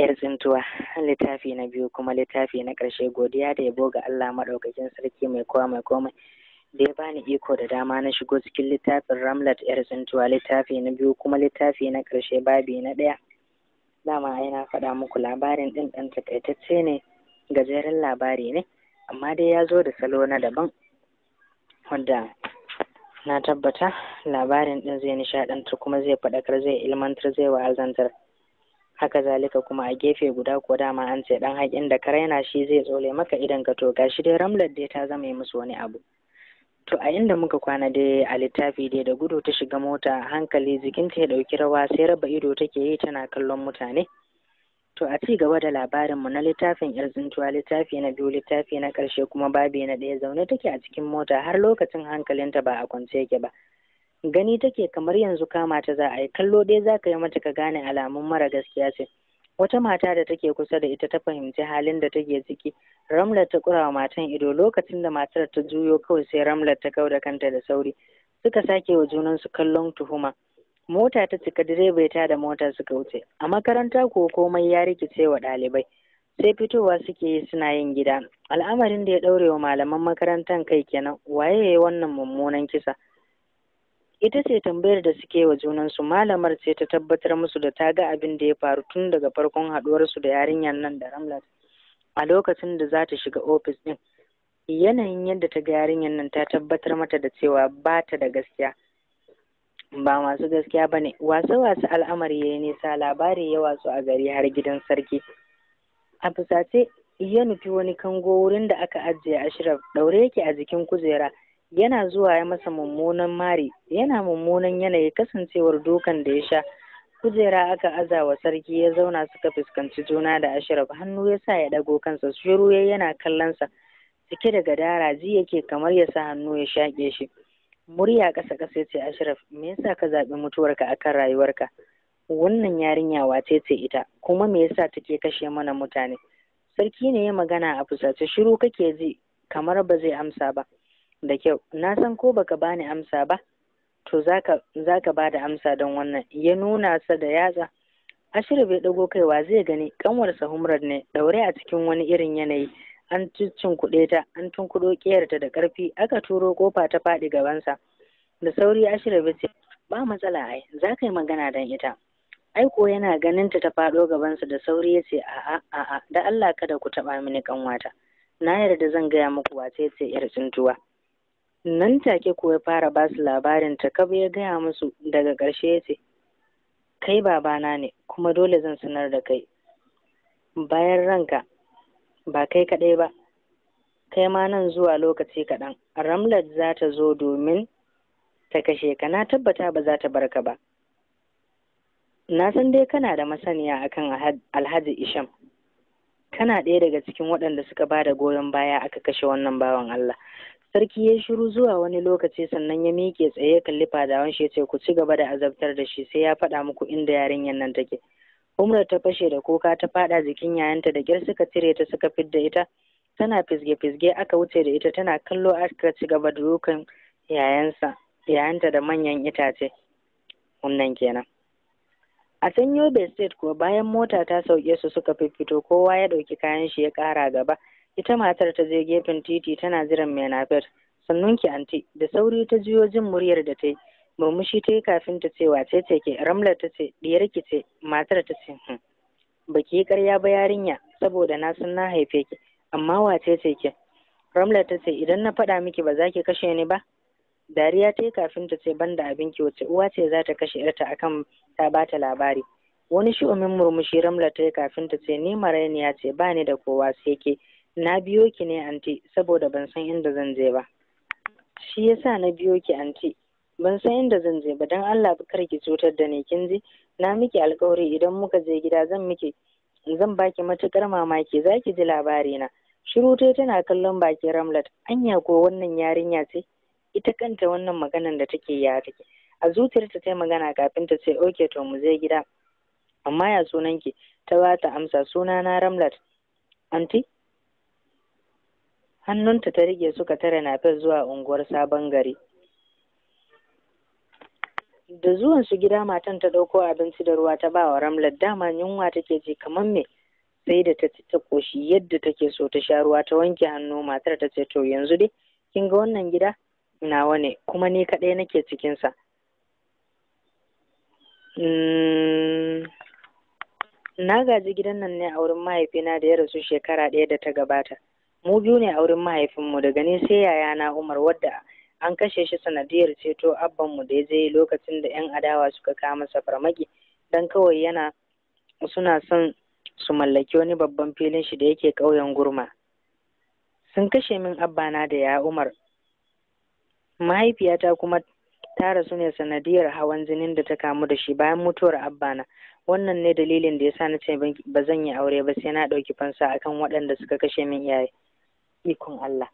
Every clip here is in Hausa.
yar tsintuwa littafi na biyu kuma littafi na ƙarshe godiya da yabo ga Allah maɗaukakin sarki mai kowa mai komai da ya bani iko da dama na shigo cikin littafin ramlat yar tsintuwa littafi na biyu kuma littafi na ƙarshe babi na ɗaya dama ai na faɗa muku labarin ɗin ɗan takaitacce ne gajeren labari ne amma dai ya zo da salo na daban wanda na tabbata labarin ɗin zai nishaɗantar kuma zai faɗakar zai ilmantar zai wa'azantar haka zalika kuma a gefe guda ko dama an ce dan haƙin da kare yana shi zai tsole maka idan ka to gashi dai ramlar dai ta zama musu wani abu to a inda muka kwana dai a littafi dai da gudu ta shiga mota hankali jikinta ya ɗauki rawa sai raba ido take yi tana kallon mutane to a ci gaba da labarinmu na littafin yar tsintuwa littafi na biyu littafi na ƙarshe kuma babi na ɗaya zaune take a cikin mota har lokacin hankalinta ba a kwance yake ba gani take kamar yanzu kama ta za a yi kallo dai za ka yi mata ka gane alamun mara gaskiya ce wata mata da take kusa da ita ta fahimci halin da take ciki ramlar ta kura wa matan ido lokacin da matar ta juyo kawai sai ramlar ta kau da kanta da sauri suka sake wa junan su kallon tuhuma mota ta cika direba ta da mota suka wuce a makaranta ko komai ya rikice wa ɗalibai sai fitowa suke yi suna yin gida al'amarin da ya ɗaure wa malaman makarantar kai kenan waye ya wannan mummunan kisa ita ce tambayar da suke wa junansu malamar ce ta tabbatar musu da ta ga abin da ya faru tun daga farkon haɗuwarsu da yarinyar nan da ramlat a lokacin da za ta shiga ofis ɗin yanayin yadda ta ga yarinyar nan ta tabbatar mata da cewa ba ta da gaskiya ba masu gaskiya ba ne wasu-wasu al'amari ya yi nisa labari ya wasu a gari har gidan sarki a fusace ya nufi wani kango wurin da aka ajiye ashirar daure yake a jikin kujera yana zuwa ya masa mummunan mari yana mummunan yanayi kasancewar dukan da ya sha kujera aka aza wa sarki ya zauna suka fuskanci juna da ashirar, hannu ya sa ya dago kansa shiru ya yana kallonsa cike da gadara ji yake kamar ya sa hannu ya shaƙe shi murya ƙasa ƙasa yace ce ashirar me yasa ka zaɓi mutuwarka akan rayuwarka wannan yarinya wace ce ita kuma me yasa take kashe mana mutane sarki ne ya magana a fusace shiru kake ji kamar ba zai amsa ba da kyau na san ko baka bani amsa ba to zaka zaka bada amsa don wannan ya nuna sa da yatsa ashiru bai dago kaiwa zai gani kanwarsa humrar ne daure a cikin wani irin yanayi an cin kuɗe ta an tunkuɗo ta da ƙarfi aka turo kofa ta faɗi gabansa da sauri ashiru bai ce ba matsala ai za yi magana don ita aiko yana ganin ta ta faɗo gabansa da sauri ya ce a'a a'a da Allah kada ku taɓa mini kanwata na yarda zan gaya muku wace ce yar tsintuwa nan take ko ya fara ba su labarin kaba ya gaya musu daga ƙarshe ya ce kai babana ne kuma dole zan sanar da kai bayan ranka ba kai kaɗai ba kai ma nan zuwa lokaci kaɗan ramlat za ta zo domin ta kashe ka na tabbata ba za ta bar ka ba na san dai kana da masaniya akan alhaji isham kana ɗaya daga cikin waɗanda suka ba da goyon baya aka kashe wannan bawan allah Sarki ya shiru zuwa wani lokaci sannan ya miƙe tsaye ya kalli fadawan shi ya ce ku ci gaba da azabtar da shi sai ya faɗa muku inda yarinyar nan take. Umrar ta fashe da kuka ta faɗa jikin yayanta da gyar suka cire ta suka fidda ita. Tana fisge-fisge aka wuce da ita tana kallo aka ci gaba da dukan yayansa yayanta da manyan itace. Wannan kenan. A sanyo Yobe State kuwa bayan mota ta sauke su suka fiffito kowa ya ɗauki kayan shi ya ƙara gaba. ita matar ta je gefen titi tana jiran mai Sannunki, sannun ki anti da sauri ta jiyo jin muryar da ta yi murmushi ta yi kafin ta ce wace ce ke ramlar ta ce diyar ki ce matar ta ce hmm. baki yi karya ba yarinya saboda na san na haife ki amma wace ce ke ramlar ta ce idan na faɗa miki ba za ki kashe ni ba dariya ta yi kafin ta ce banda abin ki wace uwa ce za ta kashe yarta akan ta ba ta labari wani shi'umin murmushi ramlar ta yi kafin ta ce ni marainiya ce ba ni da kowa sai ke na biyo ki ne anti saboda ban san inda zan je ba shi yasa na biyo ki anti ban san inda zan je ba dan Allah kar ki cutar da ni kin ji na miki alƙawari idan muka je gida zan miki zan baki matukar mamaki zaki ji labari na shiru tana kallon baki Ramlat anya ko wannan yarinya ce ita kanta wannan maganar da take ya take a zuciyarta ta magana kafin ta ce okay to mu je gida amma ya sunanki ta ba ta amsa suna na Ramlat anti hannunta ta rike suka tare nafiyar zuwa unguwar sabon gari da zuwan su gida matan ta ɗauko abinci da ruwa ta ba wa ramlar dama yunwa take ji kamar me sai da ta ci ta koshi yadda take so ta sha ruwa ta wanke hannu matar ta ce to yanzu dai kin ga wannan gida nawa ne kuma ni kadai nake cikinsa mm, na gaji gidan nan ne a wurin mahaifina da ya rasu shekara ɗaya da ta gabata mu biyu ne a wurin mahaifinmu daga ni sai yayana umar wadda an kashe shi sanadiyar ceto abbanmu da ya je lokacin da 'yan adawa suka kama masa farmaki don kawai yana suna son su mallaki wani babban filin shi da yake ƙauyen gurma sun kashe min abbana da ya umar mahaifiyata kuma tara su ne sanadiyar hawan jinin da ta kamu da shi bayan mutuwar abbana wannan ne dalilin da ya sa na ce ba zan yi aure ba sai na ɗauki fansa akan waɗanda suka kashe min iyaye ikon Allah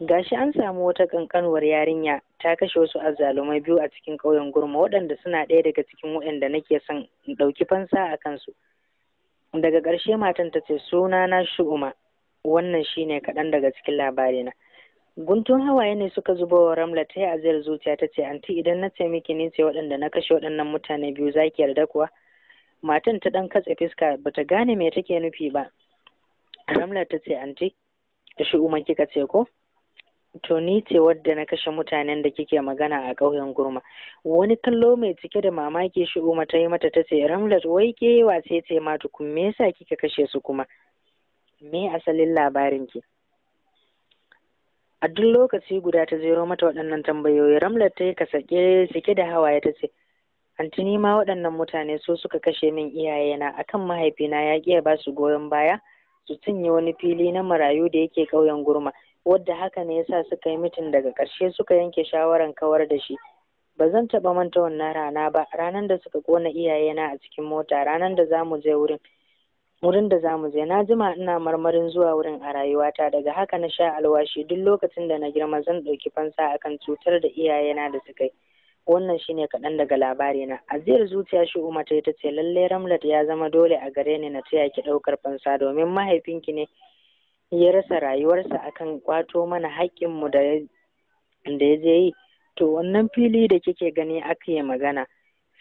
gashi an samu wata kankanuwar yarinya ta kashe wasu azzalumai biyu a cikin ƙauyen gurma waɗanda suna ɗaya daga cikin waɗanda nake son ɗauki fansa a kansu daga ƙarshe matan ta ce suna na shu'uma wannan shine kaɗan daga cikin labarina guntun hawaye ne suka zuba wa ramla ta yi ajiyar zuciya ta ce anti idan na ce miki ni ce waɗanda na kashe waɗannan mutane biyu za ki yarda kuwa matan ta ɗan katse fuska bata gane me take nufi ba ramla ta ce anti da shi umar kika ce ko to ni ce wadda na kashe mutanen da kike magana a ƙauyen gurma wani kallo mai cike da mamaki shi umar ta yi mata ta ce ramlat wai ke wace ce ma Kun me yasa kika kashe su kuma me asalin labarin ki a duk lokaci guda ta zero mata waɗannan tambayoyi ramlat ta yi ka sake cike da hawaye ta ce antini ma waɗannan mutane su suka kashe min iyayena akan mahaifina ya ƙi ya ba su goyon baya su cinye wani fili na marayu da yake ƙauyen Gurma, wadda haka ne yasa suka yi mitin daga ƙarshe suka yanke shawaran kawar da shi. Ba zan taɓa manta wannan rana ba, ranar da suka ƙona iyayena a cikin mota, ranar da za mu je wurin. Wurin da za mu je, na jima ina marmarin zuwa wurin a rayuwata, daga haka na sha alwashi duk lokacin da na girma zan ɗauki fansa akan cutar da iyayena da suka yi. wannan shine kaɗan daga labari na ajiyar zuciya shi umma ta ce lalle ramlat ya zama dole a gare ni na taya ki ɗaukar fansa domin mahaifinki ne ya rasa rayuwarsa akan kwato mana haƙƙinmu da da ya je yi to wannan fili da kike gani yi magana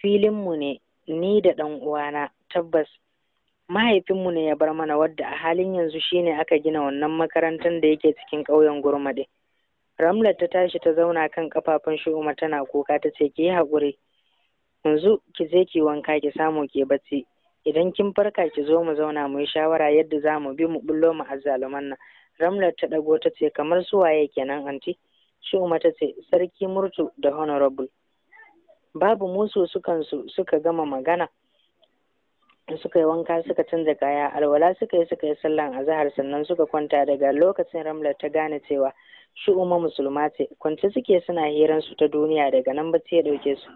filinmu ne ni da ɗan uwana tabbas mahaifinmu ne ya bar mana wadda a halin yanzu shine aka gina wannan makarantar da yake cikin ƙauyen gurmade Ramlat ta tashi ta zauna kan kafafun Shiuma tana kuka ta ce ke haƙuri. Yanzu ki je ki wanka ki samu ke bacci. Idan kin farka ki zo mu zauna mu yi shawara yadda za mu bi mu bullo mu azzaluman nan. Ramlat ta ɗago ta ce kamar su waye kenan anti. Shiuma ta ce sarki murtu da honorable. Babu musu sukan su suka gama magana. suka yi wanka suka canza kaya alwala suka yi suka yi sallan azahar sannan suka kwanta daga lokacin ramlar ta gane cewa shi umma musulma ce kwance suke suna hiran su ta duniya daga nan ba ta dauke su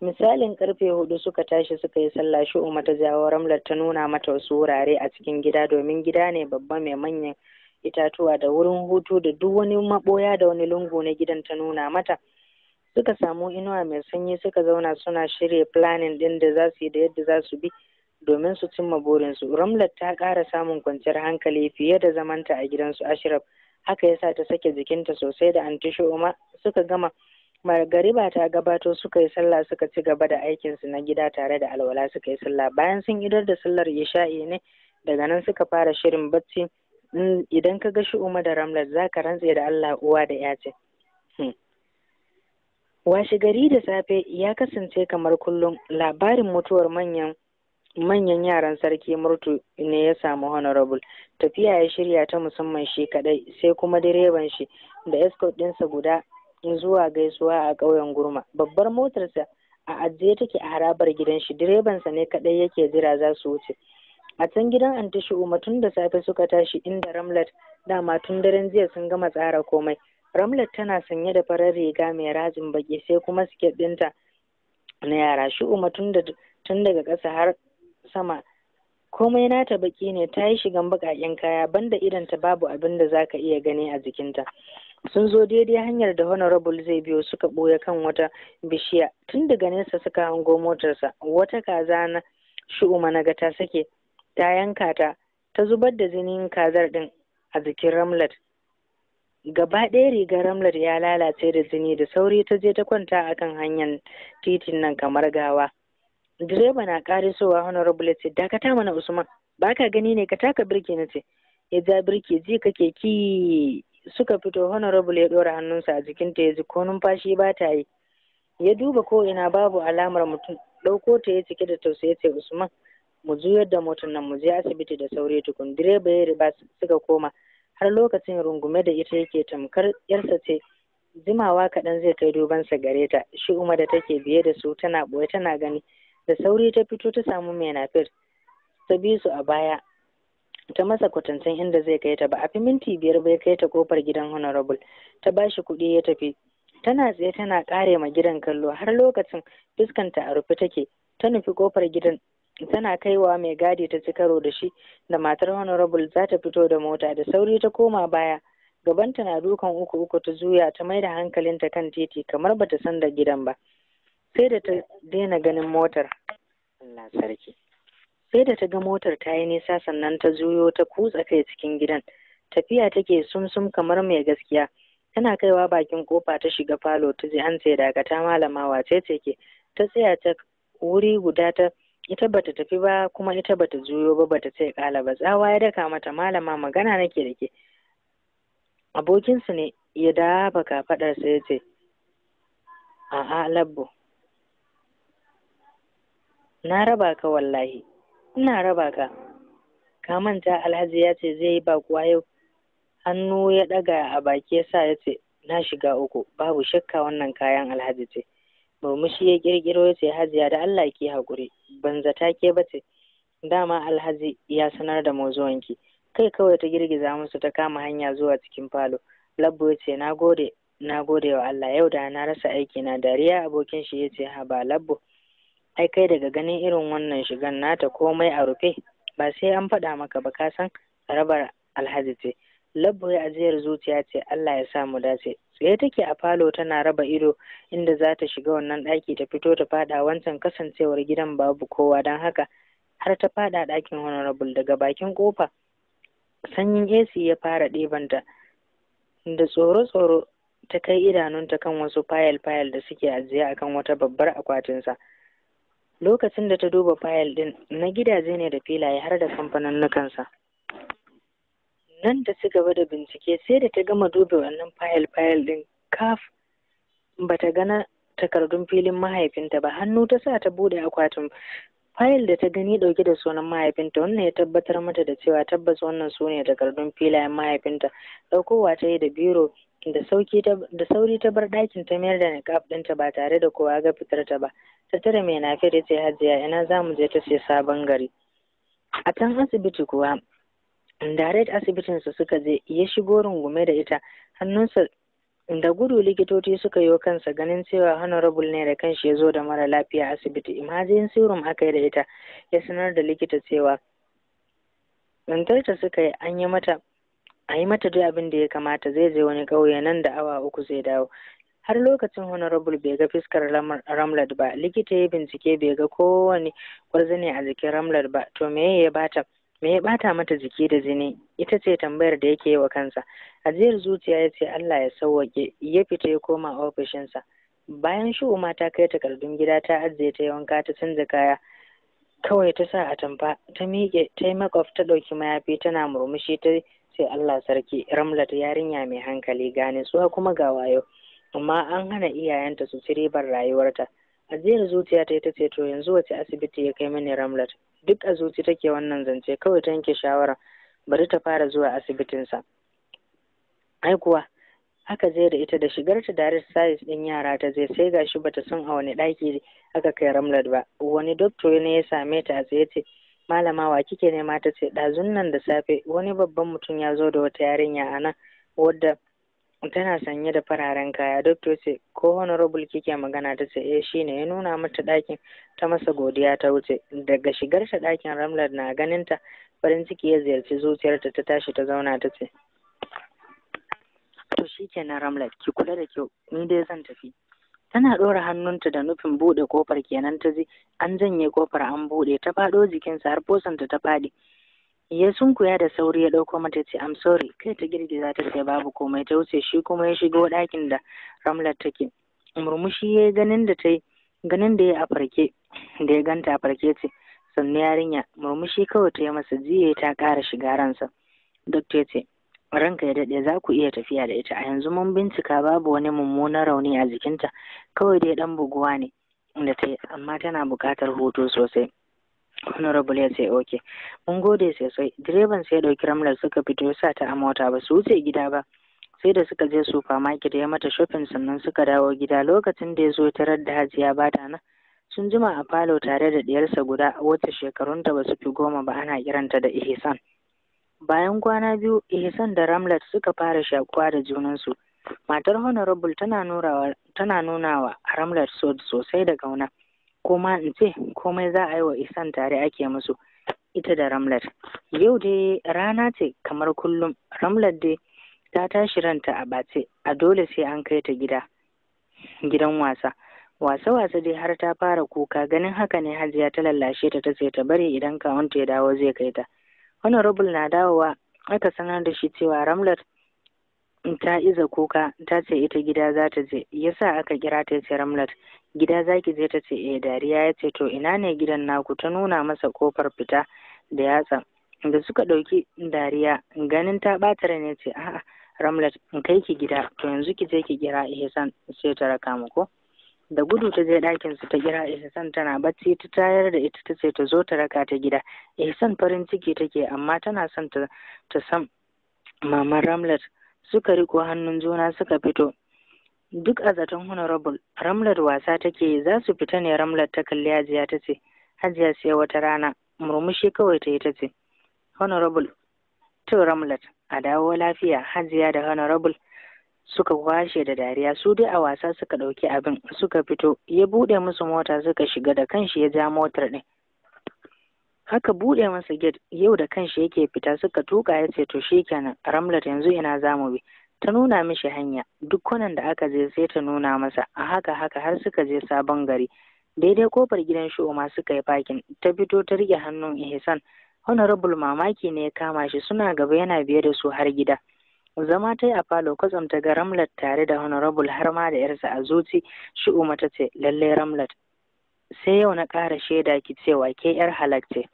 misalin karfe hudu suka tashi suka yi sallah shi umma ta jawo ramlar ta nuna mata wasu wurare a cikin gida domin gida ne babba mai manyan itatuwa da wurin hutu da duk wani maboya da wani lungu na gidan ta nuna mata suka samu inuwa mai sanyi suka zauna suna shirya planning din da za su yi da yadda za su bi domin su cimma burinsu. Ramlat ta ƙara samun kwanciyar hankali fiye da zamanta a gidansu Ashraf. Haka yasa ta sake jikinta sosai da antisho Umar suka gama Margariba ta gabato suka yi sallah suka ci gaba da aikinsu na gida tare da alwala suka yi sallah bayan sun idar da sallar isha'i ne daga nan suka fara shirin bacci idan ka ga shi umar da Ramlat za ka rantse da Allah uwa da ya ce. Hmm. Washe gari da safe ya kasance kamar kullum labarin mutuwar manyan manyan yaran sarki murtu ne ya samu honorable tafiya ya shirya ta musamman shi kadai sai kuma direban shi da escort ɗinsa guda zuwa gaisuwa a ƙauyen gurma babbar motarsa a ajiye take a harabar gidan shi direbansa ne kadai yake jira za su wuce a can gidan antishi umma tun da safe suka tashi inda Ramlet, dama tun daren jiya sun gama tsara komai Ramlet tana sanye da farar riga mai rajin baki sai kuma siket ɗinta na yara shi umma tun daga ƙasa har sama komai nata baki ne ta yi shigan baƙaƙen kaya banda ta babu abin da ka iya gani a jikinta sun zo daidai hanyar da honorable zai biyo suka ɓoye kan wata bishiya tun daga nesa suka hango motarsa wata kaza na shu'uma na ta sake ta yanka ta ta zubar da jinin kazar din a jikin ramlat gaba ɗaya rigar ramlat ya lalace da jini da sauri ta je ta kwanta akan hanyar titin nan kamar gawa direba na karisowa honorable "Da ce dakata mana usman ba ka gani ne ka taka birki na ce ya ja birki ji kake ki suka fito honorable ya ɗora hannunsa a jikinta ya ji ko numfashi ba ta yi ya duba ko ina babu alamar mutum ɗauko ta ya cike da tausayi ce usman mu juyar da motar nan mu je asibiti da sauri tukun direba ya riba suka koma har lokacin rungume da ita yake tamkar yarsa ce jimawa kaɗan zai kai dubansa gare ta shi umar da take biye da su tana ɓoye tana gani da sauri ta fito ta samu mai nafir ta bi su a baya ta masa kwatancin inda zai kai ta ba a fi minti biyar bai kai ta kofar gidan honorable ta ba shi kuɗi ya tafi tana tsaye tana ƙare ma gidan kallo har lokacin fuskanta a rufe take ta nufi kofar gidan tana kaiwa mai gadi ta ci karo da shi da matar honorable za ta fito da mota da sauri ta koma baya gabanta na dukan uku uku ta zuya ta mai da hankalinta kan titi kamar bata san da gidan ba sai da ta daina ganin motar Allah sarki sai da ta ga motar ta yi nisa sannan ta juyo ta kutsa kai cikin gidan tafiya take sumsum kamar mai gaskiya tana kaiwa bakin kofa ta shiga falo ta ji an ce dakata malama wace ce ke ta tsaya ta wuri guda ta ita bata tafi ba kuma ita bata juyo ba bata ce kala ba tsawa ya daka mata malama magana nake da ke abokinsu ne ya baka fadar sai ce a'a labbo na raba ka wallahi ina raba ka ka manta alhaji ya ce zai yi bakuwa yau hannu ya ɗaga a baki ya sa ya ce na shiga uku babu shakka wannan kayan alhaji ce murmushi ya kirkiro ya ce hajiya da allah ki haƙuri ban zata ke ba ce dama alhaji ya sanar da mozuwanki kai kawai ta girgiza musu ta kama hanya zuwa cikin falo labbo ya ce na gode na gode wa allah yau da na rasa aiki na dariya abokin shi ya ce ha ba labbo ai kai daga ganin irin wannan shigan nata komai a rufe ba sai an faɗa maka ba ka san rabar alhaji ce labbo ya ajiyar zuciya ce Allah ya sa mu dace tsaye take a falo tana raba ido inda za ta shiga wannan ɗaki ta fito ta faɗa wancan kasancewar gidan babu kowa don haka har ta faɗa ɗakin honorable daga bakin kofa sanyin AC ya fara ɗebanta da tsoro-tsoro ta kai idanunta kan wasu fayil-fayil da suke ajiye akan wata babbar akwatinsa. lokacin da ta duba fayil din na gidaje ne da filaye har da kamfaninnukansa nan da ci gaba da bincike sai da ta gama duba wannan fayil fayil din kaf ba ta gana takardun filin mahaifinta ba hannu ta sa ta bude akwatin fayil da ta gani dauke da sunan mahaifinta wannan ya tabbatar mata da cewa tabbas wannan su ne takardun filayen mahaifinta daukowa ta yi da biro da sauri ta bar dakin ta mayar da niqab ɗinta ba tare da kowa ga fitar ta ba ta tare mai nafe da ce hajiya ina za mu je ta ce sabon gari a can asibiti kuwa direct asibitin su suka je ya shigo rungume da ita hannunsa da gudu likitoci suka yi kansa ganin cewa honorable ne da kanshi ya zo da mara lafiya asibiti emergency room aka yi da ita ya sanar da likita cewa lantarta suka yi an yi mata a yi mata duk abin da ya kamata zai je wani ƙauye nan da awa uku zai dawo har lokacin honorable bai ga fiskar ramlad ba likita ya bincike bai ga kowane kwarzane a jikin ramlad ba to meye ya bata me ya bata mata jiki da jini ita ce tambayar da yake yi wa kansa ajiyar zuciya ya ce Allah ya sauwake ya fita ya koma ofishinsa bayan shu'u ma ta kai takardun gida ta ajiye ta wanka ta canza kaya kawai ta sa a tamfa ta miƙe ta yi makwaf ta ɗauki mayafi tana murmushi ta ce Allah sarki ramlat yarinya mai hankali gane suwa kuma ga wayo amma an hana iyayenta su ci ribar rayuwarta ajiyar zuciya ta ita ce to yanzu wace asibiti ya kai mini ramlat duk a zuci take wannan zance kawai ta yanke shawara bari ta fara zuwa asibitinsa ai kuwa aka je da ita da shigarta direct service din yara ta zai sai gashi bata san a wani ɗaki aka kai ramlad ba wani doctor ne ya same ta a tsaye ce malama wa kike nema ta ce ɗazun nan da safe wani babban mutum ya zo da wata yarinya a nan wadda tana sanye da fararen kaya doctor ce ko honorable kike magana ta ce eh shine ya nuna mata dakin ta masa godiya ta wuce daga shigar ta ɗakin ramlar na ganin ta farin ciki ya ziyarci zuciyarta ta tashi ta zauna ta ce to shikenan ramlar ki kula da kyau ni dai zan tafi tana ɗora hannunta da nufin buɗe kofar kenan ta ji an janye kofar an buɗe ta faɗo jikinsa har fosanta ta faɗi ya sunkuya da sauri ya ɗauko mata ce am sorry kai ta girgiza ta ce babu komai ta wuce shi kuma ya shigo ɗakin da ramlar take murmushi ya ganin da ta ganin da ya da ya ganta a farke ce sannu yarinya murmushi kawai ta yi masa jiya ta ƙara shiga ransa dokta ce ranka ya dade za ku iya tafiya da ita a yanzu mun bincika babu wani mummunan rauni a jikinta kawai dai ɗan buguwa ne da ta amma tana buƙatar hutu sosai honorable ya ce OK, mun gode sosai direban sai dauki ramlar suka fito sa ta a mota ba su wuce gida ba sai da suka je supermarket ya mata shopping sannan suka dawo gida lokacin da ya zo tarar da hajiya ba ta nan sun jima a falo tare da diyarsa guda wacce shekarunta ba su fi goma ba ana kiranta da ihsan bayan kwana biyu ihsan da ramlat suka fara shakuwa da junansu matar honorable tana nuna wa ramlat so sosai da gauna kuma in ce komai za a yi wa isan tare ake musu ita da ramlat yau dai rana ce kamar kullum ramlat dai ta tashi ranta a bace a dole sai an kai ta gida gidan wasa wasa-wasa dai har ta fara kuka ganin haka ne hajiya ta lallashe ta ta ta bari idan kawunta ya dawo zai kai ta Wani rubul na dawowa aka sanar da shi cewa ramlat ta iza kuka ta ce ita gida za ta je yasa aka kira ta ce ramlat gida za ki je ta ce eh dariya ya ce to ina ne gidan naku ta nuna masa kofar fita da yatsa da suka ɗauki dariya ganin ta bata ne ce a'a ramlat kai ki gida to yanzu ki je ki kira ihsan sai ta raka mu ko da gudu ta je ɗakin su ta kira ihsan tana bacci ta tayar da ita ta ce ta zo ta raka ta gida ihsan farin ciki take amma tana son ta san maman ramlat suka riko hannun juna suka fito duk a zaton honorable ramlar wasa take za su fita ne ramlar ta kalli hajiya ta ce hajiya sai wata rana murmushi kawai ta yi ta ce honorable to ramlat a dawo lafiya hajiya da honorable suka kwashe da dariya su dai a wasa suka ɗauki abin suka fito ya buɗe musu mota suka shiga da kanshi ya ja motar ɗin haka bude masa gate yau da kanshi yake fita suka tuka ya ce to shikenan ramlat yanzu ina zamu bi ta nuna mishi hanya duk dukkanin da aka je sai ta nuna masa a haka haka har suka je sabon gari daidai kofar gidan shi ma suka yi fakin ta fito ta rike hannun ihsan honorable mamaki ne ya kama shi suna gaba yana biye da su har gida zama ta yi a falo kwatsam ta ga ramlat tare da honorable har ma da yarsa a zuci shi ta ce lallai ramlat sai yau na ƙara shaida ki cewa ke yar halacce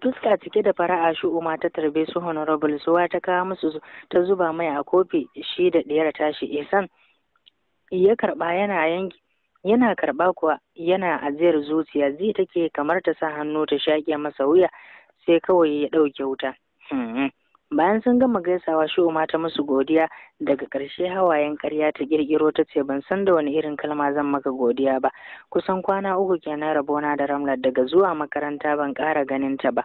fuska cike da fara'a shi umar ta tarbe su honorable suwa ta kawo musu ta zuba mai a kofi shi da ɗiyar tashi isan ya karɓa yana yanki yana karɓa kuwa yana ajiyar zuciya zai take kamar ta sa hannu ta shaƙe masa wuya sai kawai ya ɗauke wuta hmm, hmm. bayan sun gama gaisawa Shu'uma ta musu godiya daga ƙarshe hawayen ƙarya ta ƙirƙiro ta ce ban san da wani irin kalma zan maka godiya ba kusan kwana uku kenan rabona da ramlar daga zuwa makaranta ban ƙara ganin ta ba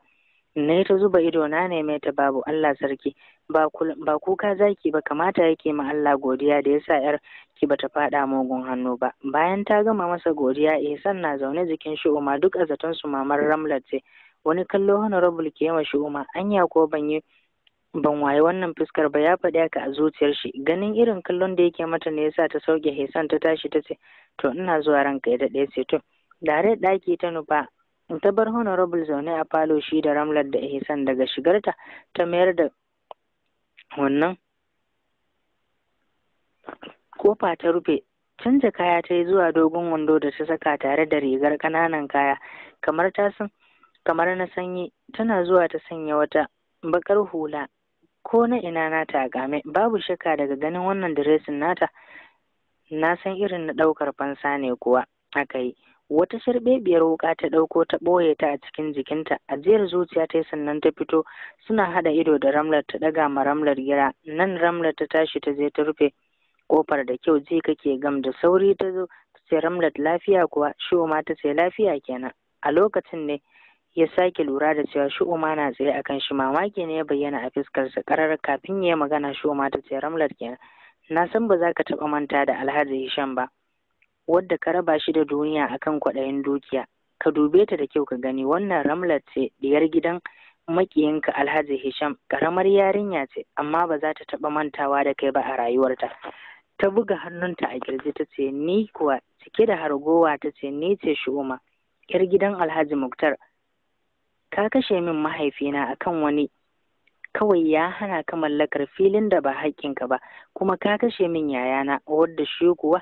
na ta zuba ido na neme ta babu Allah sarki ba kuka zaki ba kamata yake ma Allah godiya da yasa yar ki bata faɗa mugun hannu ba bayan ta gama masa godiya san na zaune jikin Shu'uma duk a su mamar ramlar ce wani kallo honorable ke ma Shu'uma anya ko ban yi ban waye wannan fuskar ba ya faɗi haka a zuciyar shi ganin irin kallon da yake mata ne yasa ta sauke hesan ta tashi ta ce to ina zuwa ranka ya daɗe sai to dare ɗaki ta nufa ta bar honorable zaune a falo shi da ramlar da hesan daga shigarta ta mayar da wannan kofa ta rufe canza kaya ta yi zuwa dogon wando da ta saka tare da rigar kananan kaya kamar ta san kamar na sanyi tana zuwa ta sanya wata bakar hula ko na ina nata a game babu shakka daga ganin wannan diresin nata na san irin na ɗaukar fansa ne kuwa aka yi wata sharbebiyar wuka ta ɗauko ta ɓoye ta a cikin jikinta ajiyar zuciya ta yi sannan ta fito suna haɗa ido da ramlar ta ɗaga ma ramlar gira nan ramlar ta tashi ta je ta rufe kofar da kyau ji kake gam da sauri ta zo ta ce ramlar lafiya kuwa shi ma ta ce lafiya kenan a lokacin ne ya sake lura da cewa shu'uma na tsaye kan shi mamaki ne ya bayyana a fuskarsa karar kafin ya magana shu'uma ta ce ramlat kenan na san ba za ka taɓa manta da alhaji hisham ba wadda ka raba shi da duniya akan kwaɗayin dukiya ka dube ta da kyau ka gani wannan ramlat ce diyar gidan makiyinka alhaji hisham karamar yarinya ce amma ba za ta taɓa mantawa da kai ba a rayuwarta ta buga hannunta a kirji ta ce ni kuwa cike da hargowa ta ce ni ce shu'uma yar gidan alhaji muktar ka kashe min mahaifina akan wani kawai ya hana ka mallakar filin da ba haƙƙinka ba kuma ka kashe min yayana wadda shi kuwa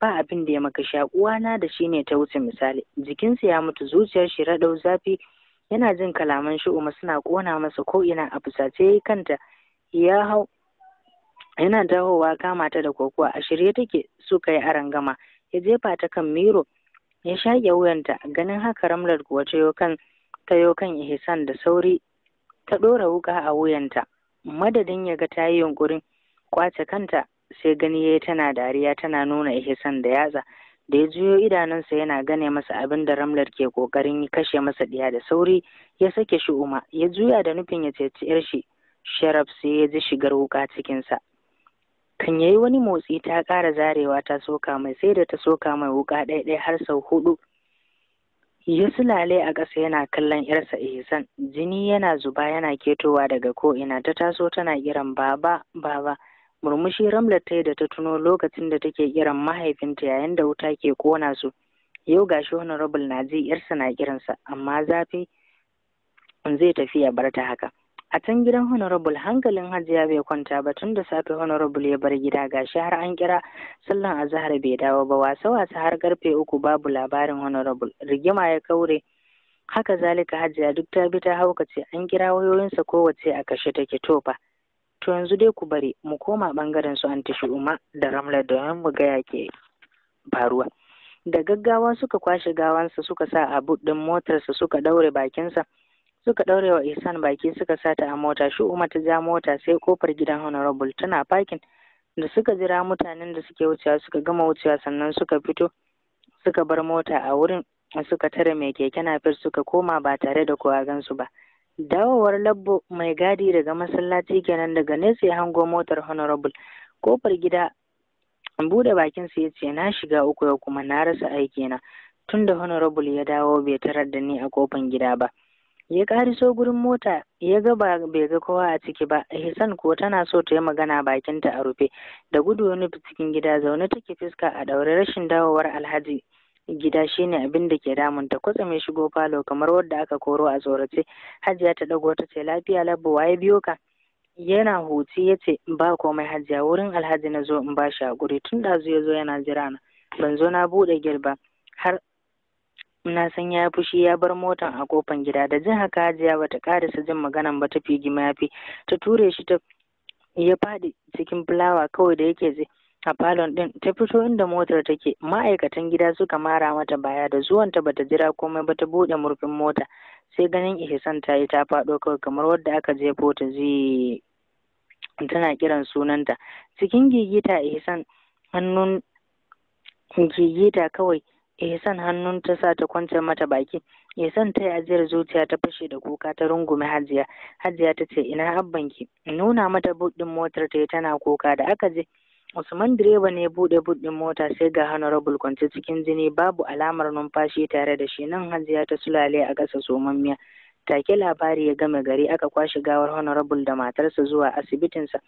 ba abin da ya maka uwana da shi ne ta wuce misali jikinsa ya mutu zuciyar shi raɗau zafi yana jin kalaman shi'uma suna ƙona masa ko ina a fusace ya kanta ya hau yana dawowa kama ta da kokowa a shirye take su suka yi rangama ya jefa ta kan miro ya shaƙe wuyanta ganin haka ramlar kuwa ta yau kan tattayo kan Ihsan da sauri ta ɗora wuƙa a wuyanta madadin ya ga ta yi yunƙurin kwace kanta sai gani yayi tana dariya tana nuna Ihsan da yatsa da ya juyo idanunsa yana gane masa abin da Ramlar ke ƙoƙarin kashe masa ɗiya da sauri ya sake shi uma ya juya da nufin ya ceci 'yar shi sharaf sai ya ji shigar wuƙa cikinsa kan yayi wani motsi ta ƙara zarewa ta soka mai sai da ta soka mai wuka ɗaya ɗaya har sau huɗu ya a ƙasa yana kallon yarsa ihsan jini yana zuba yana ketowa daga ko'ina ta taso tana kiran baba baba murmushi ramlar ta da ta tuno lokacin da take kiran mahaifinta yayin da wuta ke kona su yau gashi honorable na ji yarsa na kiransa amma zafi zai tafi ya bar ta haka a can gidan honorable hankalin hajiya bai kwanta ba tun da safe honorable ya bar gida ga shi har an kira sallan zahar bai dawo ba wasa wasa har karfe uku babu labarin honorable rigima ya kaure haka zalika hajiya duk ta bi ta haukace an kira wayoyinsa kowace a kashe take tofa to yanzu dai ku bari mu koma bangaren su tashi uma da ramla domin mu gaya ke faruwa da gaggawa suka kwashe gawansa suka sa a buɗin motarsa suka ɗaure bakinsa suka ɗaure wa ihsan baki suka sata a mota shi umar ta ja mota sai kofar gidan honorable tana parking da suka jira mutanen da suke wucewa suka gama wucewa sannan suka fito suka bar mota a wurin suka tare mai keke nafir suka koma ba tare da kowa gansu ba dawowar labbo mai gadi daga masallaci kenan daga nesa ya hango motar honorable kofar gida bude bakin sa yace na shiga uku ya kuma na rasa aiki na tunda honorable ya dawo bai tarar da ni a kofar gida ba ya ƙariso gurin mota ya ga ba bai ga kowa a ciki ba hisan ko tana so ta yi magana bakin ta a rufe da gudu wani cikin gida zaune take fuska a ɗaure rashin dawowar alhaji gida shine abin da ke damunta kwatsa mai shigo falo kamar wadda aka koro a tsorace hajiya ta ɗago ta ce lafiya labba waye biyo ka yana huci ya ce ba komai hajiya wurin alhaji na zo in ba shi haƙuri tun ɗazu ya zo yana jira na ban zo na buɗe ba har na san ya fushi ya bar motan a kofan gida da jin haka hajiya bata karasa jin magana ba ta fi fi ta ture shi ta ya faɗi cikin fulawa kawai da yake zai a falon din ta fito inda motar take ma'aikatan gida suka mara mata baya da zuwanta bata jira komai ba ta bude murfin mota sai ganin ihsan ta yi ta fado kawai kamar wadda aka je ta zai tana kiran sunanta cikin gigita ihsan hannun gigita kawai Eh, son hannun ta sa ta kwance mata baki. Eh, san ta yi ajiyar zuciya ta fashe da kuka ta rungume Hajiya. Hajiya ta ce ina abbanki. Nuna mata buɗin motar ta yi tana kuka da aka je. Usman direba ne buɗe buɗin mota sai ga honorable kwance cikin jini babu alamar numfashi tare da shi nan Hajiya ta sulale a ƙasa somammiya. Take labari ya game gari aka kwashe gawar honorable da matarsa zuwa asibitinsa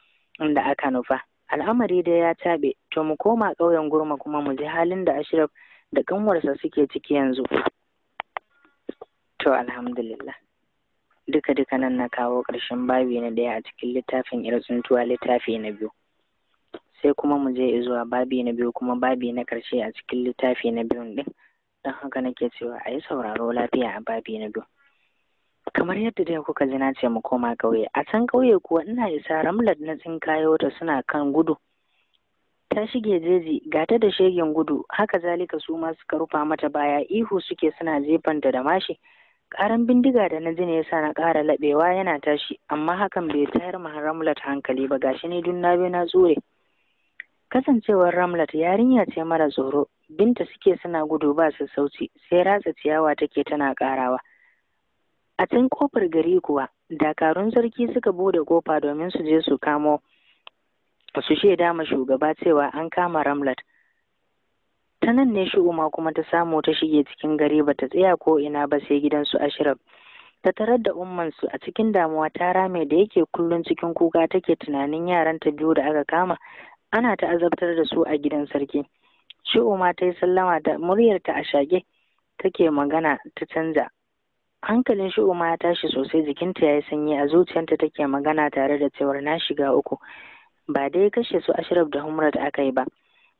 inda aka nufa. Al'amari da ya taɓe, to mu koma ƙauyen gurma kuma mu ji halin da Ashraf da kanwarsa suke ciki yanzu to alhamdulillah duka duka nan na kawo ƙarshen babi na ɗaya a cikin littafin yar tsuntuwa littafi na biyu sai kuma mu je zuwa babi na biyu kuma babi na ƙarshe a cikin littafi na biyun ɗin don haka nake cewa a yi sauraro lafiya a babi na biyu kamar yadda dai kuka ji na ce mu koma ƙauye a can ƙauye kuwa ina isa ramlat na tsinkayo ta suna kan gudu ta shige jeji ga ta da shegen gudu haka zalika su ma suka rufa mata baya ihu suke suna jefanta da mashi karan bindiga da na ji ne yasa na ƙara laɓewa yana tashi amma hakan bai tayar ma ramlat hankali ba gashi ne dun na na tsure kasancewar ramlat yarinya ce mara tsoro binta suke suna gudu ba su sauci sai ratsa ciyawa take tana ƙarawa a can kofar gari kuwa dakarun sarki suka bude kofa domin su je su kamo su shaida ma shugaba cewa an kama ramlat ta nan ne shi'uma kuma ta samu ta shige cikin gari ba ta tsaya ko ina ba sai gidansu ashraf ta tarar da ummansu a cikin damuwa ta rame da yake kullum cikin kuka take tunanin yaran ta biyu da aka kama ana ta azabtar da su a gidan sarki shi'uma ta yi sallama da muryarta a shage take magana ta canza hankalin shi'uma ya tashi sosai jikinta ya yi sanyi a zuciyarta take magana tare da cewar na shiga uku ba dai kashe su Ashraf da Humrat aka yi ba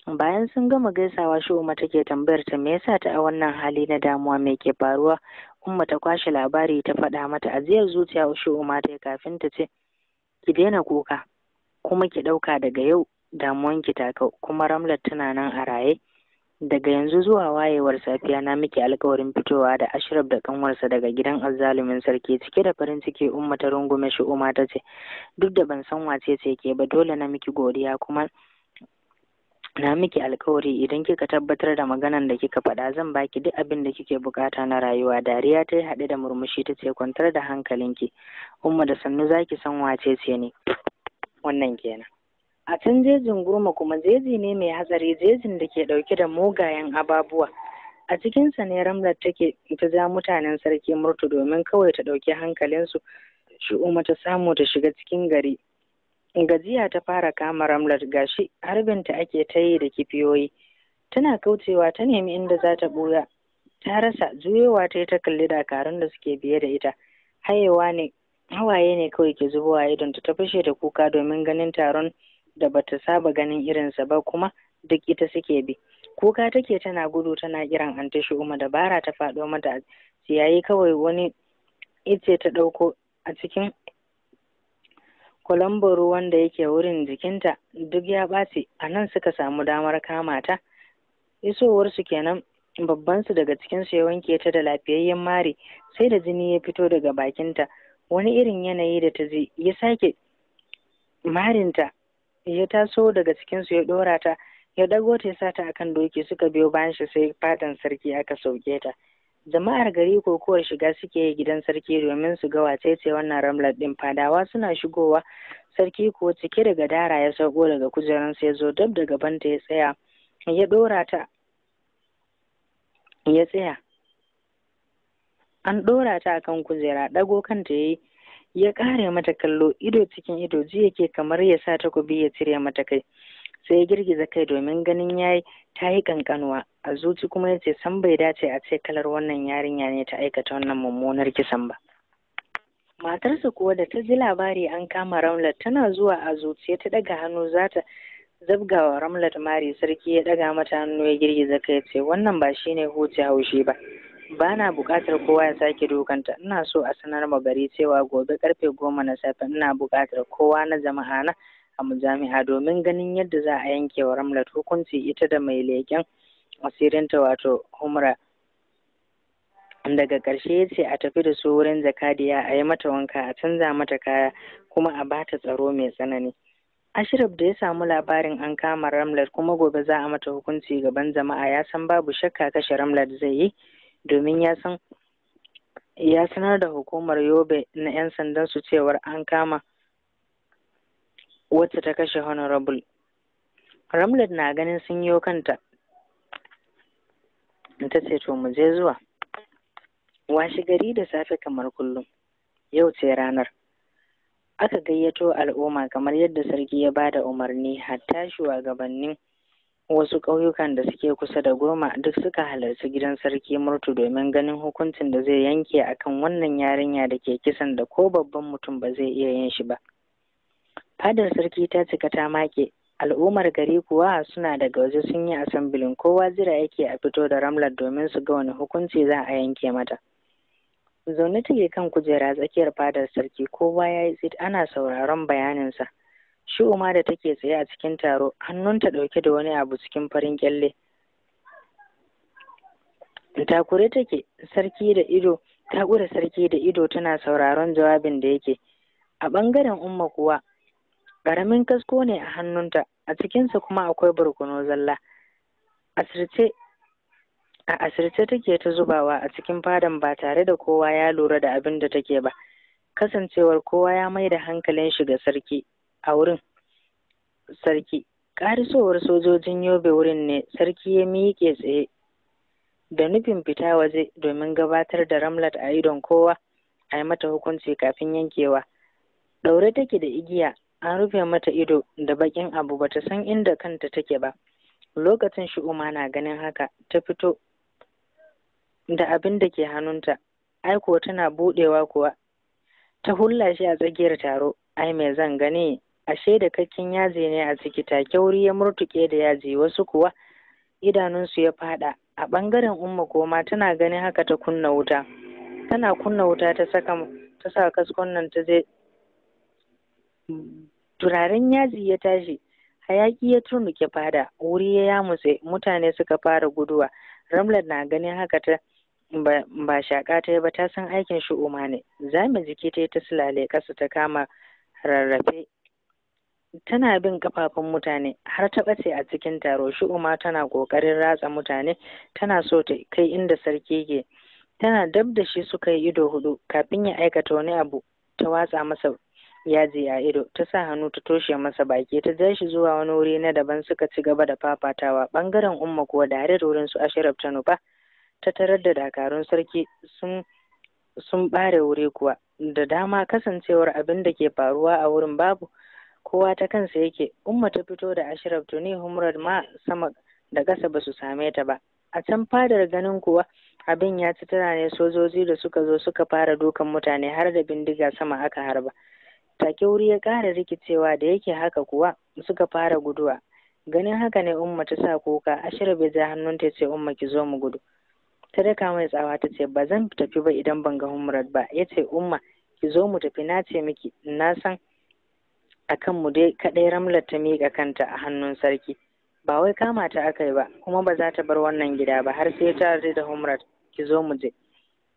bayan sun gama gaisawa shi Shu'uma take tambayar ta me yasa ta a wannan hali na damuwa me ke faruwa Umma ta kwashe labari ta faɗa mata ajiyar zuciya Shu'uma ta yi kafin ta ce ki daina kuka kuma ki ɗauka daga yau damuwanki ta kau kuma Ramlat tana nan a raye daga yanzu zuwa wayewar safiya na miki alkawarin fitowa da ashirar da kanwarsa daga gidan azzalumin sarki cike da farin ciki umma ta rungume shi umma ta ce duk da ban san wace ce ke ba dole na miki godiya kuma na miki alkawari idan kika tabbatar da maganan da kika faɗa zan baki duk abin da kike bukata na rayuwa dariya ta yi haɗe da murmushi ta ce kwantar da hankalinki umma da sannu zaki san wace ce ne wannan kenan a can jejin gurma kuma jeji ne mai hatsari jejin da ke dauke da mugayen ababuwa a cikinsa ne ramlar take ta ja mutanen sarki murtu domin kawai ta ɗauki hankalinsu shi umar ta samu ta shiga cikin gari gajiya ta fara kama ramlar gashi harbin ta ake ta yi da kifiyoyi tana kaucewa ta nemi inda za ta buya. ta rasa juyowa ta yi ta kalli dakarun da suke biye da ita hawaye ne kawai ke zubowa idon ta fashe da kuka domin ganin taron da bata saba ganin irinsa ba kuma duk ita suke bi kuka take tana gudu tana kiran anti Umma da bara ta faɗo mata ciyayi kawai wani ice ta ɗauko a cikin kwalambar ruwan da yake wurin jikinta duk ya ɓaci a nan suka samu damar kama ta isowarsu kenan babbansu daga cikin su ya wanke ta da lafiyayyen mari sai da jini ya fito daga bakinta wani irin yanayi da ta ji ya sake marinta ya taso daga cikin su ya dora ta ya dago ta sa ta akan doki suka biyo bayan shi sai fadan sarki aka sauke ta jama'ar gari kowar shiga suke gidan sarki domin su ga wace ce wannan ramlar din fadawa suna shigowa sarki ko cike da gadara ya sauko daga kujeransa ya zo dab da ta ya tsaya ya dora ta ya tsaya an dora ta akan kujera dago kanta yayi ya ƙare mata kallo ido cikin ido ji yake kamar ya sa takobi ya cire mata kai sai ya girgiza kai domin ganin yayi ta yi kankanuwa a zuci kuma ya ce san bai dace a ce kalar wannan yarinya ne ta aikata wannan mummunar kisan ba matarsa kuwa da ta ji labari an kama ramlat tana zuwa a zuciya ta daga hannu za ta wa ramlat mari sarki ya daga mata hannu ya girgiza kai ya ce wannan ba shine huce haushi ba ba na buƙatar kowa ya sake dukanta ina so a sanar ma gari cewa gobe karfe goma na safe ina buƙatar kowa na jama'a na a mujami'a domin ganin yadda za a yanke wa ramlat hukunci ita da mai leƙen asirinta wato humra daga ƙarshe ya ce a tafi da su wurin zakadiya a yi mata wanka a canza mata kaya kuma a bata tsaro mai tsanani Ashraf da ya samu labarin an kama Ramlat kuma gobe za a mata hukunci gaban jama'a ya san babu shakka kashe Ramlat zai yi domin ya san ya sanar da hukumar yobe na 'yan sandan su cewar an kama wacce ta kashe honorable ramlet na ganin sun yi kanta ta ce to mu je zuwa washi gari da safe kamar kullum yau ce ranar aka gayyato al'umma kamar yadda sarki ya ba da umarni hatta shugabannin wasu ƙauyukan da suke kusa da Goma duk suka halarci gidan Sarki Murtu domin ganin hukuncin da zai yanke akan wannan yarinya da ke kisan da ko babban mutum ba zai iya yin shi ba. Fadar sarki ta cika ta make, al'ummar gari kuwa suna daga waje sun yi asambilin kowa jira yake a fito da ramlar domin su ga wani hukunci za a yanke mata. Zaune take kan kujera tsakiyar fadar sarki kowa ya yi tsit ana sauraron bayaninsa. shi Uma da take tsaye a cikin taro hannunta dauke da wani abu cikin farin kyalle takure take sarki da ido takure sarki da ido tana sauraron jawabin da yake a bangaren umma kuwa ƙaramin kasko ne a hannunta a cikinsa kuma akwai barkono zalla a asirce take ta zubawa a cikin fadan ba tare da kowa ya lura da abin da take ba kasancewar kowa ya mai da hankalin shi ga sarki a wurin sarki ƙarisowar sojojin yobe wurin ne sarki ya miƙe tsaye da nufin fita waje domin gabatar da ramlat a idon kowa a yi mata hukunci kafin yankewa ɗaure take da igiya an rufe mata ido da baƙin abu bata san inda kanta take ba lokacin shi na ganin haka ta fito da abin da ke hannunta aiko tana budewa kuwa ta hulla shi a tsakiyar taro ai mai zan gani ashe da kakkin yaji ne a ciki take wuri ya murtuke da yaji wasu kuwa idanunsu ya fada a bangaren umma koma tana ganin haka ta kunna wuta tana kunna wuta ta saka ta sa kaskon nan ta zai turaren yaji ya tashi hayaki ya turnuke fada wuri ya yamutse mutane suka fara guduwa ramlar na ganin haka ta ba shaka ta ba ta san aikin shi ne mu jiki ta ta sulale ƙasa ta kama rarrafe tana bin kafafun mutane har ta ɓace a cikin taro shi umar tana ƙoƙarin ratsa mutane tana so ta kai inda sarki ke tana dab da shi suka yi ido hudu kafin ya aikata wani abu ta watsa masa yaji a ido ta sa hannu ta toshe masa baki ta ja shi zuwa wani wuri na daban suka ci gaba da fafatawa bangaren umma kuwa da harin wurin su ashirar ta nufa ta tarar da dakarun sarki sun sun bare wuri kuwa da dama kasancewar abin da ke faruwa a wurin babu kowa ta kansa yake umma ta fito da ashirar tuni humrar ma sama da ƙasa ba su same ta ba a can fadar ganin kuwa abin ya ci tana ne sojoji da suka zo suka fara dukan mutane har da bindiga sama aka harba take wuri ya ƙara rikicewa da yake haka kuwa suka fara guduwa ganin haka ne umma ta sa kuka ashirar bai ja hannun ta ce umma ki zo mu gudu ta daka mai tsawa ta ce ba zan tafi ba idan ban ga humrat ba ya ce umma ki zo mu tafi na ce miki na san a kanmu dai kaɗai ramlar ta miƙa kanta a hannun sarki ba wai kama ta aka yi ba kuma ba za ta bar wannan gida ba har sai ta da humrat ki zo mu je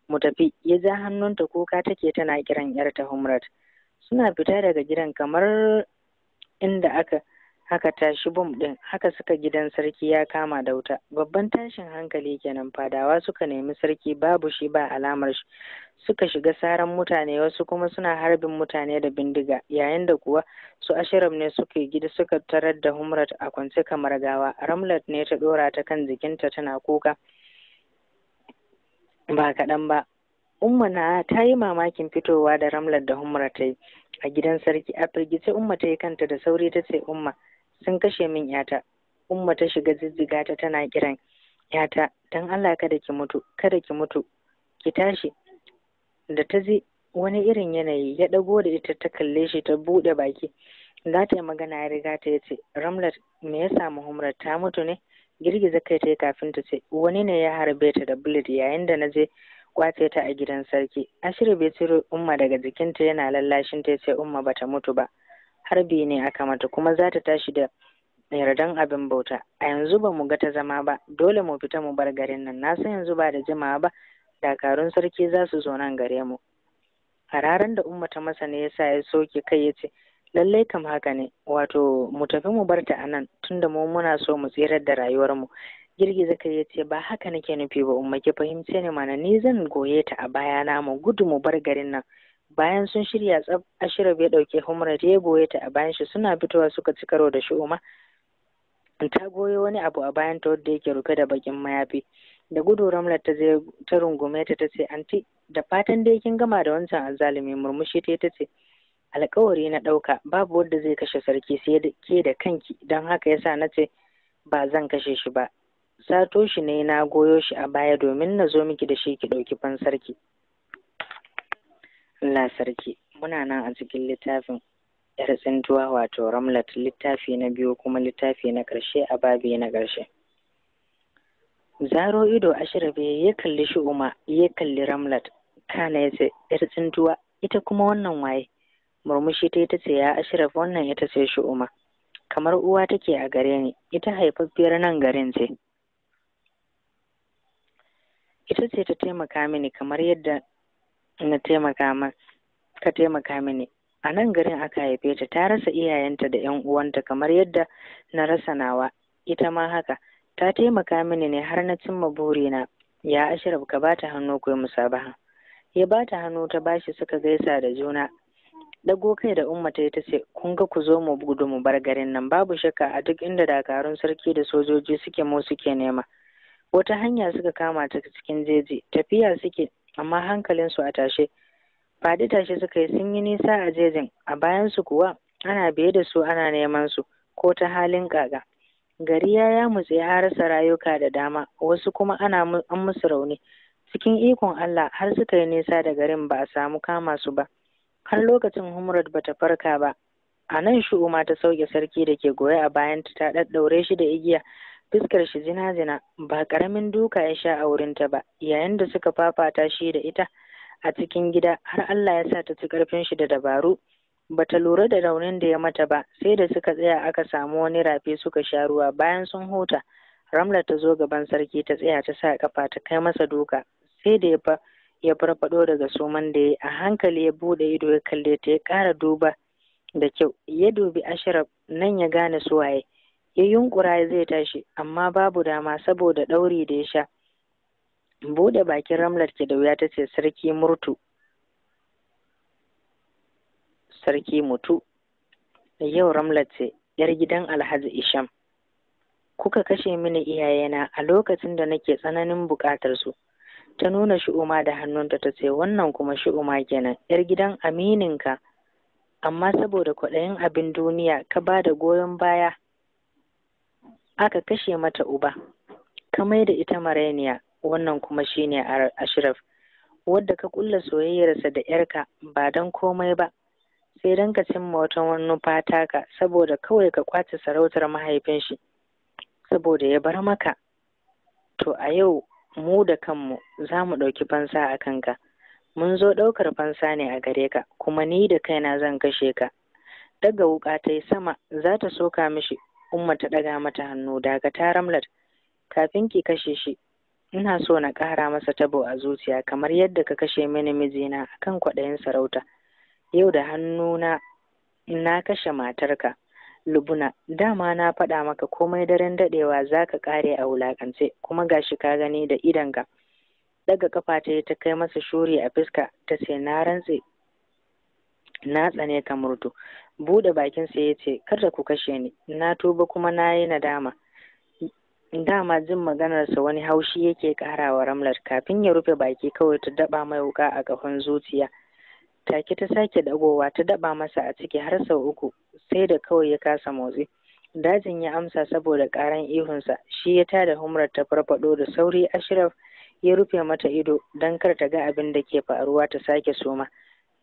mu tafi ya ja hannunta kuka take tana kiran yarta humrat suna fita daga gidan kamar inda aka haka tashi bom ɗin haka suka gidan sarki ya kama da wuta babban tashin hankali kenan fadawa suka nemi sarki babu shi ba alamar shi suka shiga saran mutane wasu kuma suna harbin mutane da bindiga yayin da kuwa su ashiram ne suka gida suka tarar da humrat a kwance kamar gawa ramlat ne ta ɗora ta kan jikinta tana kuka ba kaɗan ba umma na ta yi mamakin fitowa da ramlat da humrat ta yi a gidan sarki a firgice umma ta yi kanta da sauri ta ce umma sun kashe min yata umma ta shiga zizziga ta tana kiran yata dan Allah kada ki mutu kada ki mutu ki tashi da ta ji wani irin yanayi ya dago da ita ta kalle shi ta bude baki za ta yi magana ya riga ta yace ramlat me ya samu humrat ta mutu ne girgiza kai ta kafin ta ce wani ne ya harbe ta da bullet yayin da na je kwace ta a gidan sarki ashirbe ciro umma daga jikinta yana lallashin ta yace umma bata mutu ba harbi ne aka mata kuma za ta tashi da yardan abin bauta a yanzu ba mu ga ta zama ba dole mu fita mu bar garin nan na san yanzu ba da jimawa ba dakarun sarki za su zo nan gare mu raran da umma ta masa ne yasa ya soke kai ya ce lallai kam haka ne wato mu tafi mu bar ta anan tunda mu muna so mu tsirar da rayuwar mu girgiza kai ya ce ba haka nake nufi ba umma ki fahimce ni mana ni zan goye ta a bayana mu gudu mu bar garin nan bayan sun shirya tsab ashirab ya ɗauke da ya goye ta a bayan shi suna fitowa suka ci karo da shi, umar ta goye wani abu a bayan ta wadda yake rufe da bakin mayafi da gudu ramlar ta zai ta rungume ta ta ce anti da fatan da kin gama da wancan azzalumi murmushi ta ta ce alkawari na ɗauka babu wanda zai kashe sarki sai ke da kanki don haka ya sa na ce ba zan kashe shi ba Satoshi shi ne na goyo shi a baya domin na zo miki da shi ki ɗauki fansarki Allah sarki muna nan a cikin littafin yar tsintuwa wato ramlat littafi na biyu kuma littafi na ƙarshe a babi na ƙarshe zaro ido ashirabe ya kalli shi'uma ya kalli ramlat kana ya ce yar tsintuwa ita kuma wannan waye murmushi ta ita ce ya ashiraf wannan ita ce shi'uma kamar uwa take a gare ni ita haifaffiyar nan garin ce ita ce ta taimaka mini kamar yadda na taimaka mas ka taimaka mini a nan garin aka haife ta ta rasa iyayenta da yan uwanta kamar yadda na rasa nawa ita ma haka ta taimaka mini ne har na cimma burina ya ashraf ka bata hannu ku musabaha ya bata hannu ta bashi suka gaisa da juna dago kai da umma ta ta ce kun ga ku zo mu gudu mu bar garin nan babu shakka a duk inda dakarun sarki da sojoji suke mu suke nema wata hanya suka kama ta cikin jeji tafiya suke amma hankalinsu a tashe fadi tashe suka yi sun yi nisa a jejin a bayansu kuwa ana biye da su ana neman su ko ta halin kaga gari ya ya mutse, ya rasa rayuka da dama wasu kuma ana an musu rauni cikin ikon Allah har suka yi nisa da garin ba a samu kama su ba har lokacin humrat ta farka ba a nan shu'uma ta sauke sarki da ke goye a bayanta ta ɗaɗɗaure shi da igiya fuskar shi zina-zina ba karamin duka ya sha a wurinta ba yayin da suka fafata shi da ita a cikin gida har Allah ya sa ta ci karfin shi da dabaru Ba ta lura da raunin da ya mata ba sai da suka tsaya aka samu wani rafi suka sha ruwa bayan sun huta Ramla ta zo gaban sarki ta tsaya ta sa kafa ta kai masa duka sai da ya ya farfado daga suman da ya a hankali ya bude ido ya kalle ta ya ƙara duba da kyau ya dubi ashraf nan ya gane su waye? ya yunkura zai tashi amma babu dama saboda ɗauri da ya sha buɗe bakin ramlar ke da wuya ta ce sarki murtu sarki mutu yau ramlar ce yar gidan alhaji isham kuka kashe mini iyayena a lokacin da nake tsananin buƙatar su ta nuna shi'uma da hannunta ta ce wannan kuma shi'uma kenan yar gidan amininka amma saboda kwaɗayin abin duniya ka ba da goyon baya aka kashe mata uba ka mai da ita marainiya wannan kuma shine ashraf wadda ka kulla soyayyarsa da yarka ba don komai ba sai don ka cimma wata wani fataka saboda kawai ka kwace sarautar mahaifin shi saboda ya bar maka to a yau mu da kanmu za mu ɗauki fansa a kanka mun zo ɗaukar fansa ne a gare ka kuma ni da kaina zan kashe ka daga wuƙa ta yi sama za ta soka mishi Umma ta ɗaga mata hannu ta Ramlat kafin ki kashe shi ina so na ƙara masa tabo a zuciya kamar yadda ka kashe mini mijina a kan kwaɗayin sarauta yau da hannuna na kashe matarka lubuna dama na faɗa maka komai daren daɗewa za ka ƙare a wulaƙance kuma ga shi ka gani da idanka Ɗaga kafa ta ta kai masa shuri a fuska ta ce na rantse na tsane ka murto bude bakin sa ya ce kada ku kashe ni na tuba kuma na yi nadama dama jin maganarsa wani haushi yake karawa ramlar kafin ya rufe baki kawai ta daba mai wuka a kafan zuciya take ta sake dagowa ta daba masa a ciki har sau uku sai da kawai ya kasa motsi dajin ya amsa saboda karan ihunsa shi ya tada humrar ta farfado da sauri ashraf ya rufe mata ido don kar ta ga abin da ke faruwa ta sake soma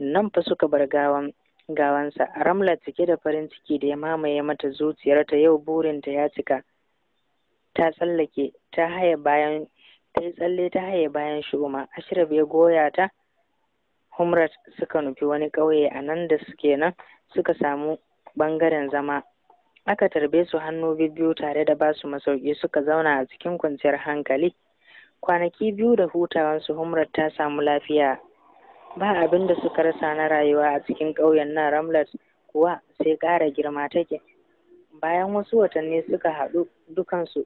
nan fa suka bar gawan gawansa ramla cike da farin ciki da ya mamaye mata zuciyarta yau burinta ya cika ta tsallake ta haye bayan ta yi tsalle ta haye bayan shuma ashirab ya goya ta humrat suka nufi wani ƙauye a nan da suke nan suka samu ɓangaren zama aka tarbe su hannu biyu tare da basu masauki suka zauna a cikin kwanciyar hankali kwanaki biyu da hutawansu humrat ta samu lafiya ba abin da suka rasa na rayuwa a cikin ƙauyen nan ramlet kuwa sai ƙara girma take bayan wasu watanni suka haɗu dukansu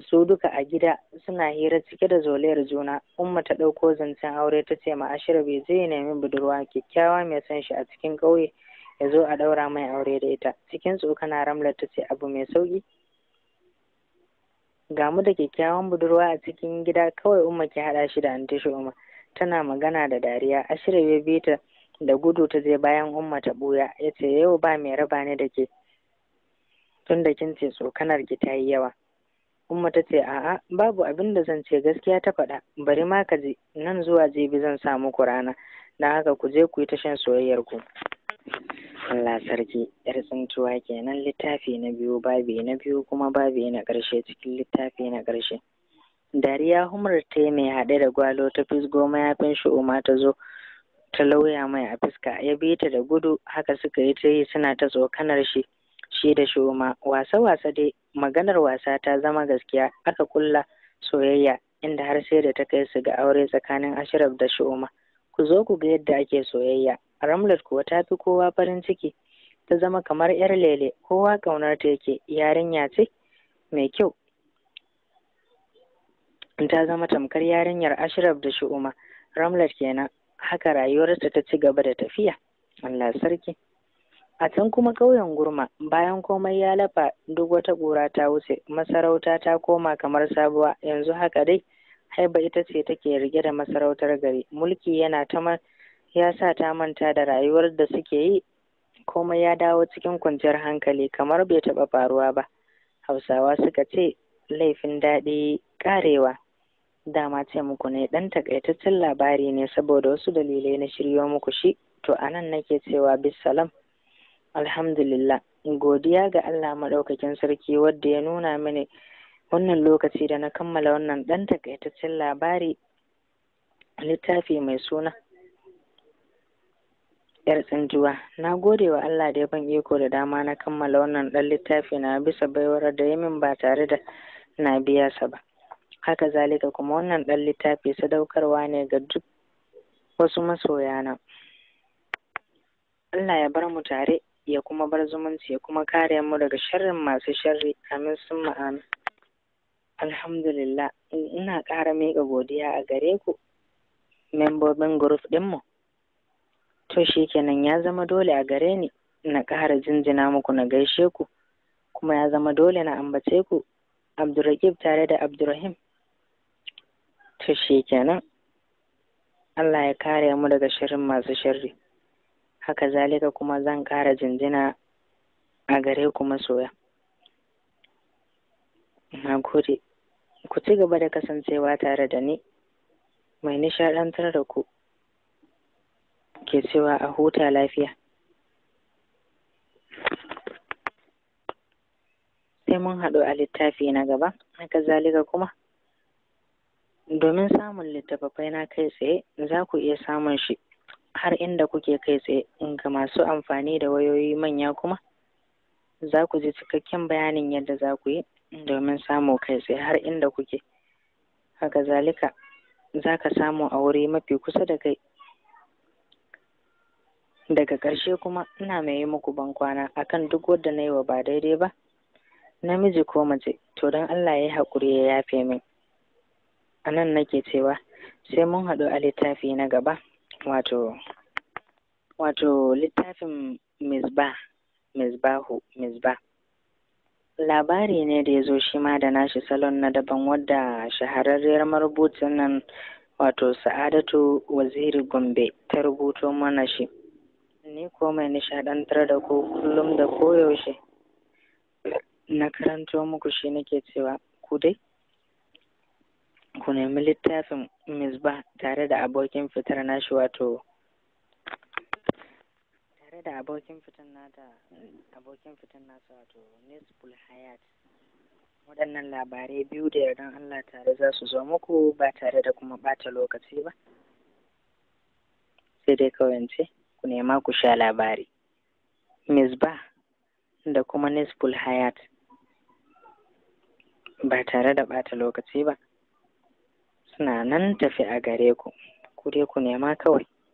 su duka a gida suna hira cike da zolayar juna umma ta ɗauko zancen aure ta ce ma'ashir bai je ya nemi budurwa kyakkyawa mai son shi a cikin ƙauye ya zo a ɗaura mai aure da ita cikin tsokana ramlar ta ce abu mai sauƙi Gamu da kyakkyawan budurwa a cikin gida kawai umma ke haɗa shi da antishi umma tana magana da dariya A ya Bita da gudu ta je bayan umma ta buya ya ce yau ba mai raba ni da ke tun da kin ce tsokanar ki ta yi yawa umma ta ce a'a babu abin da zan ce gaskiya ta faɗa bari ma ka je nan zuwa jibi zan samu ku rana don haka ku je ku yi ta shan soyayyar ku Allah sarki yar tsintuwa kenan littafi na biyu babi na biyu kuma babi na ƙarshe cikin littafi na ƙarshe dariya humar ta yi mai haɗe da gwalo ta fisgo mayafin shi'uma ta zo ta lauya mai a fiska, ya bi ta da gudu haka suka yi ta yi suna ta tsokanar shi shi da Shu'uma. wasa-wasa dai maganar wasa ta zama gaskiya aka kulla soyayya inda har sai da ta kai su ga aure tsakanin ashraf da shi'uma ku zo ku ga yadda ake soyayya ramlat kuwa ta fi kowa farin ciki ta zama kamar yar lele kowa ƙaunar ta yake yarinya ce mai kyau ta zama tamkar yarinyar ashraf da shu'uma ramlar kenan haka rayuwarsa ta ci gaba da tafiya allah sarki a can kuma ƙauyen gurma bayan komai ya lafa duk wata ƙura ta wuce masarauta ta koma kamar sabuwa yanzu haka dai haiba ita ce take rige da masarautar gari mulki yana ta ya sa ta manta da rayuwar da suke yi komai ya dawo cikin kwanciyar hankali kamar bai taɓa faruwa ba hausawa suka ce laifin daɗi ƙarewa dama ce muku ne ɗan takaitaccen labari ne saboda wasu dalilai na shiryo muku shi to anan nake cewa bisalam alhamdulillah godiya ga Allah maɗaukakin sarki wadda ya nuna mini wannan lokaci da na kammala wannan ɗan takaitaccen labari littafi mai suna yar tsinjuwa na gode wa Allah da ya ban iko da dama na kammala wannan dan littafi na bisa baiwar da ya min ba tare da na biya sa ba haka zalika kuma wannan ɗan littafi sadaukarwa ne ga duk wasu masoya na. Allah ya bar mu tare ya kuma bar zumunci ya kuma kare mu daga sharrin masu sharri amin sun ma'amin alhamdulillah ina ƙara miƙa godiya a gare ku membobin group ɗinmu to shi kenan ya zama dole a gare ni na ƙara jinjina muku na gaishe ku kuma ya zama dole na ambace ku Abdulrakib tare da abdurrahim to shi kenan Allah ya kare mu daga shirin masu shirri haka zalika kuma zan ƙara jinjina a gare ku masoya na gode ku ci gaba da kasancewa tare da ni mai nishaɗantar da ku ke cewa a huta lafiya sai mun haɗu a littafi na gaba haka zalika kuma Domin samun littattafai na kai tsaye za ku iya samun shi har inda kuke kai tsaye ga masu amfani da wayoyi manya kuma za ku ji cikakken bayanin yadda za ku yi domin samun kai tsaye har inda kuke. Haka zalika za ka samu a wuri mafi kusa da kai. Daga ƙarshe kuma ina mai yi muku bankwana akan duk wadda na yi wa ba daidai ba, namiji ko mace, to don Allah ya yi haƙuri ya yafe min. a nan nake cewa sai mun haɗu a littafi na gaba wato wato littafin misba misbahu misba labari ne da ya zo shi ma da nashi salon na daban wadda shahararriyar marubucin nan wato sa'adatu waziri gombe ta rubuto mana shi ni ko mai nishadantar da ku kullum da koyaushe na karanto muku shi nake cewa ku dai ku nemi littafin misbah tare da abokin fitar nashi wato tare da abokin fitar nata abokin fitar nasa wato nisful hayat waɗannan labarai biyu da yardan Allah tare za su zo muku ba tare da kuma ɓata lokaci ba sai dai kawance ku nema ku sha labari misbah da kuma nisful hayat ba tare da ɓata lokaci ba suna nan tafi a gare ku ku dai ku nema kawai